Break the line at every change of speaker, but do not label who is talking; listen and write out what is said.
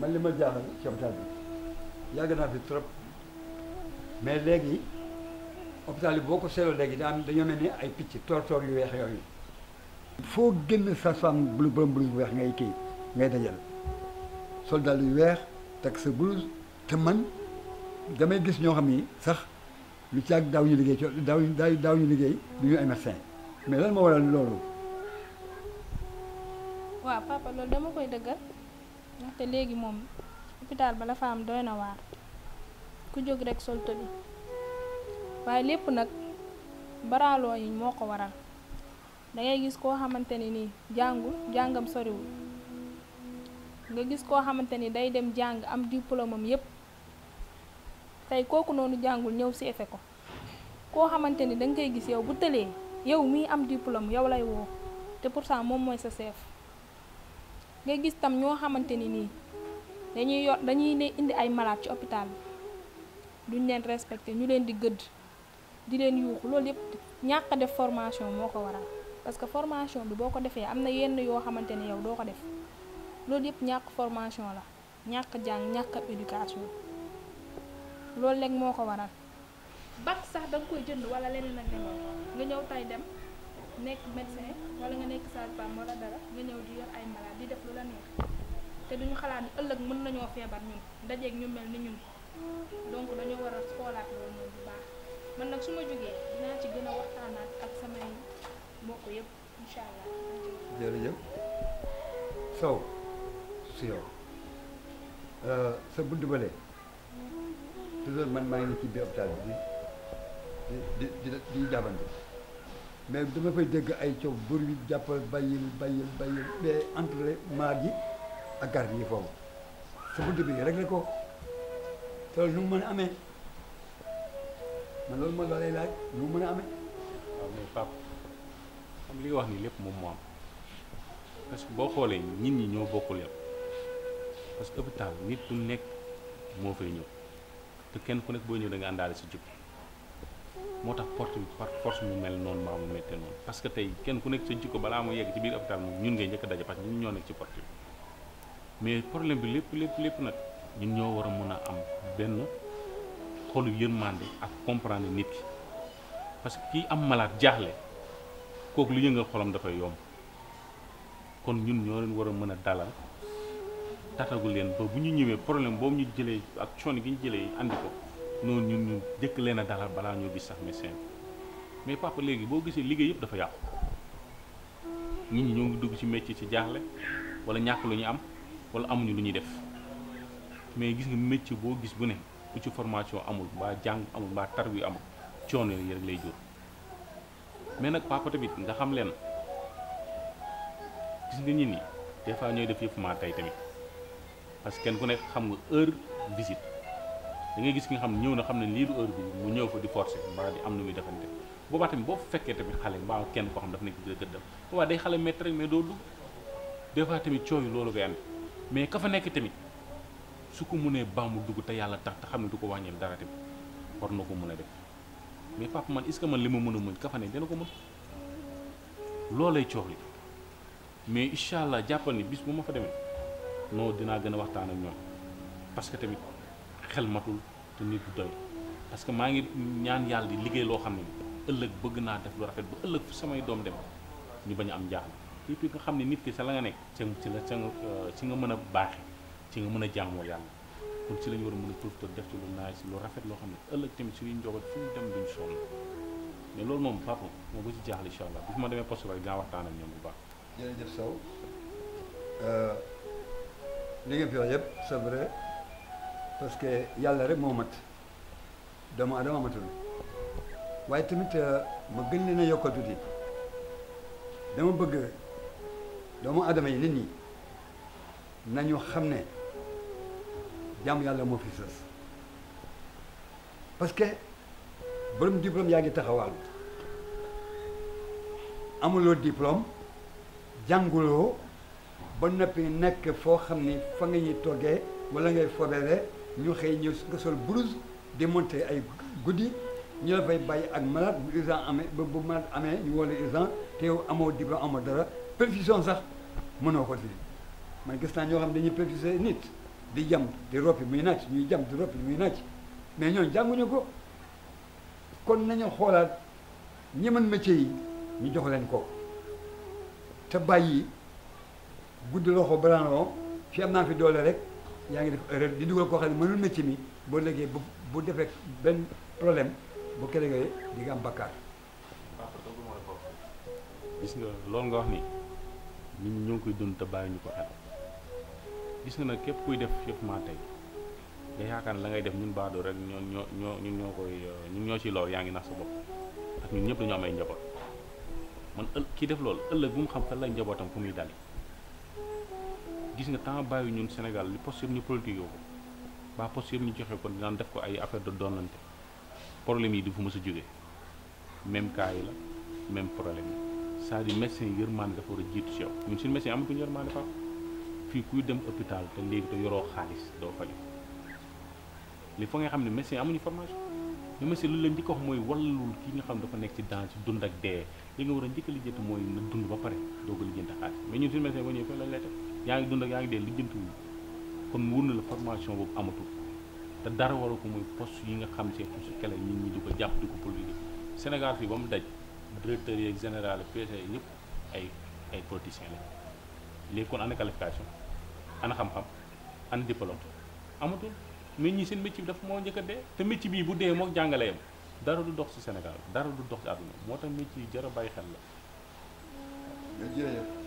man li ma jaaxal ci hôpital bi yàgg naa fi trop mais léegi hôpital bi boo ko seetloo léegi daa dañoo mel ni ay picc toor-toor yu weex yooyu. foo génn sa femme bulu borom blouse bu weex ngay kii ngay dajal soldat yu weex takk sa blouse te man damay gis ñoo xam yi sax lu caag daaw ñu liggéey ci daaw daaw daaw ñu liggéey du ñu ay mais lan moo waral loolu.
waaw papa loolu dama koy dëggal. ndaxte léegi moom hôpital ba la am doy na waar ku jóg rekk sol tëbi waaye lépp nag baraaloo yi moo ko waral dangay gis koo xamante ni nii jàngul jàngam soriwul nga gis koo xamante ni day dem jàng am diplôme yépp tey kooku noonu jàngul ñëw seefe ko koo xamante ni danga koy gis yow bu tëlee yow miy am diplôme yow lay woo te pour pourtant moom mooy sa chef nga gis tam ñoo xamante ni nii dañuy yor dañuy ne indi ay malaat ci hôpital bi duñ leen respecté ñu leen di gëdd di leen yuuxu loolu yëpp ñàkk def formation moo ko waral parce que formation bi boo ko defee am na yenn yoo xamante ne yow doo ko def loolu yëpp ñàkk formation la ñàkk jàng ñàkk ab éducation loolu léegi moo ko waral bac sax da nga koy jënd wala leneen ak leneen nga ñëw tey dem nekk médecin wala nga nekk sage femme wala dara nga ñëw di yor ay malade di def lu la neex te duñu xalaat ni ëllëg mën nañoo feebar ñun dajeeg ñu mel ni ñun donc dañu war a xoolaat loolu moom bu baax man nag su ma jógee dinaa ci gën a waxtaanaat ak samay mbokk yëpp incha allah.
jërëjëf Sow si yow euh, sa bunt man maa ngi ci biir hôpital bi di di di di jaabante mais dama fay dégg ay coow bër yi jàppal bàyyil bàyyil bàyyil mais entre maag yi ak garab yi foofu sa bunt bi réglé ko te loolu nu mu mën a amee
man loolu ma la lay laaj nu mu mën a amee waaw mais wax ni lépp moom moo am parce que boo xoolee nit ñi ñoo bokkul yam parce que hôpital nit du nekk moo fay ñëw te kenn ku nekk boo ñëw da nga si jub moo tax porte bi par force mu mel noonu mbaa mu méttee noonu parce que tey kenn ku nekk sa jikko balaa mu yegg ci biir hôpital moom ñun ngay njëkk daje parce que ñun ñoo mais problème bi lépp lépp lépp nag ñun ñoo war a mën a am benn xolu yërmande ak comprendre nit ki parce que kii am malaat jaaxle kooku lu yëngal xolam dafay yomb kon ñun ñoo leen war a mën a dalal tatagu leen ba bu ñu ñëwee problème boobu ñu jëlee ak coono gi ñu jëlee andi ko. noonu ñun ñun jëkk leen a dalal balaa ñoo gis sax médecin mais papa léegi boo gisee liggéey yëpp dafa yàqu nit ñi ñoo ngi dugg ci métier ci jaaxle wala ñàkk lu ñu am wala amuñu lu ñuy def mais gis nga métier boo gis bu ne bu ci formation amul mbaa jàng amul mbaa tar wi amul coono yi rek lay jur mais nag papa tamit nga xam leen gis nga nit ñi des fois ñooy def yëpp maa tey tamit parce que kenn ku nekk xam nga heure visite. da ngay gis ki nga xam ne ñëw na xam ne nii du heure bi mu ñëw fa di forcer mbaa di am na muy defante boobaa tamit boo fekkee tamit xale mbaa kenn koo xam daf des fois tamit coow yi loolu koy mais ka fa nekk tamit su ko mënee baamu dugg te yàlla tax xam ne du ko wàññil dara tamit war na ko mën a def mais papa man est ce man li ma mën a muñ ka fa ne dina ko mën loolay coow li mais incha allah jàppal ni bis bu ma fa demee non dinaa gën a waxtaan ak ñoom parce tamit. xel matul te nit du doy parce que maa ngi ñaan yàlla di liggéey loo xam ne ëllëg bëgg naa def lu rafet bu ëllëg fu samay doom dem ñu bañ a am jaaxle et puis nga xam ne nit ki sa la nga nekk ci la euh, ci nga mën a baax ci nga mën a jaamoo yàlla pour ci la ñu war a mën a profité def ci lu naaj lu rafet loo xam ne ëllëg tamit suñuy njaboot fu ñu dem duñ sonn mais loolu moom papa moo ko si jaaxle incha allah bu fi ma demee poste ba dinaa waxtaan ak ñoom bu baax. jërëjëf Sow euh,
yëpp parce que yàlla rek moo mat doomu adama matul waaye tamit euh, ma gën leen a dama bëgg doomu adama yi nit ñi nañu xam ne jàmm yàlla moo fi sës parce que borom yaa ngi taxawaal amuloo diplôme jànguloo ba noppi nekk foo xam ni fa nga ñuy toggee wala ngay fobeere ñu xëy ñëw nga sol blouse de monter ay guddi ñu la fay bàyyi ak malade bu urgent amee ba bu malade amee ñu woo la te yow amoo diplôme amoo dara perfusion sax mënoo ko firi man gis naa ñoo xam ne dañuy perfuser nit di jam di roppi muy nàcc ñuy jam di roppi muy nàcc mais ñoom jànguñu ko kon nañu xoolaat ñi mën métier yi ñu jox leen ko te bàyyi guddi loxo baranoo fi am naa fi doole rek yaa ngi def erreur di dugal koo xam ne mënul métier mi boo léegi bu bu defee benn
problème bu kere yooyu di nga am bakkaar. gis nga lool nga wax ni ñun ñoo ngi koy dund te ñu ko xel gis nga nag képp kuy def yëpp maa tey nga yaakaar ne la ngay def ñun baadoo rek ñoo ñoo ñoo ñun ñoo koy euh, ñun ñoo ci lool yaa ngi nax sa bopp ak ñun ñëpp dañoo am ay njaboot man ël kii def loolu ëllëg bu mu xam fan lay njabootam fu muy dali gis nga temps bàyyi ñun Sénégal li poste yëpp ñu politique yoo ko baa yëpp ñu joxe ko dinaan def ko ay affaire de donnante problème yi du fu mës a jógee même cas yi problème yi c'est-à-dire médecin yi yërmaande dafa war a jiitu si yow ñun suñu médecin yi amatuñu yërmaande fa fii kuy dem hôpital te léegi xaalis doo faju li xam ne médecin amuñu formation mais médecin lu leen njëkk wax mooy wallul ki ñu xam dafa nekk ci dans ci dund ak dee li nga war a njëkk a lijjanti mooy na dund ba pare doo ko lijjanti xaalis mais ñun suñu médecin ba ñëw fii def yaa ngi dund ak yaa ngi dee lijjanti kon wóor na la formation boobu amatul te dara waru ko muy poste yi nga xam see pour si kele ñun ñi di ko jàpp di ko politique Sénégal fii ba mu daj directeurs yeeg général PCA ñëpp ay ay politiciens la léegi kon ana qualification ana xam-xam ana diplôme amatul mais ñii seen métier bi dafa moo njëkk a dee te métier bii bu dee moo jàngale yam dara du dox ci Sénégal dara du dox ci àdduna moo tax métier yi jar a bàyyi xel la.